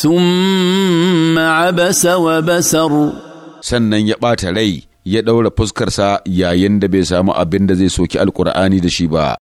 ثم عبس وبسر sannan ya ɓata rai ya ɗaura fuskarsa yayin da bai samu abin da zai soki alkur'ani da shi ba